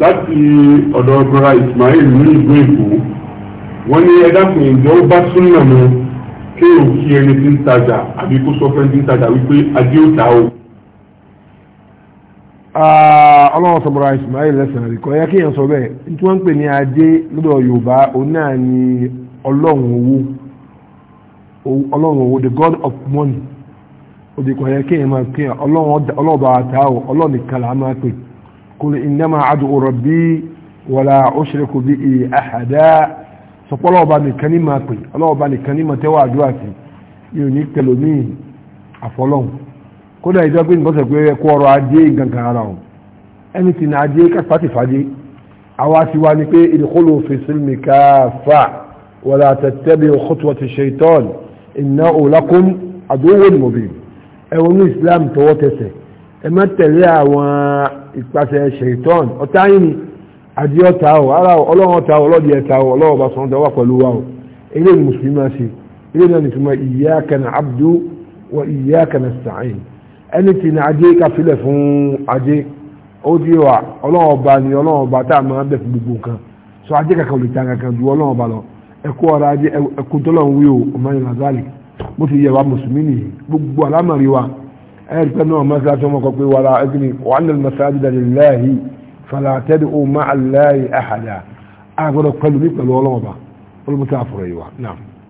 láti ọ̀dọ̀ ọgọ́ra Ismail ní ìlú Èkó wọ́n ní ẹ̀dàkùn ìjọ ó bá súnà mọ́ kí o kí ẹni tí ń tajà àbí kó sọ fẹ́ni tí ń tajà wípé adé ó ta o. Ah, ọlọ́run sọ̀bọ̀rọ̀ Ismail lẹ́sàn-án rí kọ́ ẹ̀yà kéèyàn sọ bẹ́ẹ̀ tí wọ́n ń pè ní adé lọ́dọ̀ Yorùbá òun náà ni ọlọ́run owó ọlọ́run owó the god of money òdìkọ̀ ẹ̀yà kéèyàn máa kéèyàn ọlọ́run ọba àtàwọ̀ ọlọ́run nìkan là á máa pè é قل إنما عدو ربي ولا أشرك به أحدا سبحان الله بني كلمة قي الله بني كلمة توا جواتي يونيك تلومي أفولون كل إذا قلت بس قوي كورو عدي كان كهراو أنتي عدي كفاتي فادي أواسي وانيكي ادخلوا في سلم كافة ولا تتبعوا خطوة الشيطان إنه لكم عدو مبين أولو إسلام توتسك ẹ má tẹ̀lé àwọn ìpàṣẹ ṣètọ́n ọ̀tá yìí ni àdí ọ̀tá o ara ọlọ́run ọ̀tá o ọlọ́dì ẹ̀ta o ọlọ́run ọba sọ̀rọ̀ wà pẹ̀lú wa o ilé ni mùsùlùmí máa ṣe ilé náà nìtumọ̀ iyyaka na'budu wa iyyaka nasta'in ẹni tí ní ajé ká filẹ̀ fún ajé ó di wa ọlọ́run ọba ni ọlọ́run ọba tá a máa bẹ̀ fún gbogbo nǹkan sọ ajé kankan lè ta kankan ju ọlọ́run ọba lọ ẹkú قال فانه ما سلاتهم وقوي ولا اذني وعن المساجد لله فلا تدعوا مع الله احدا اقول قلبي قلبي ولا مضى والمتافر ايوه نعم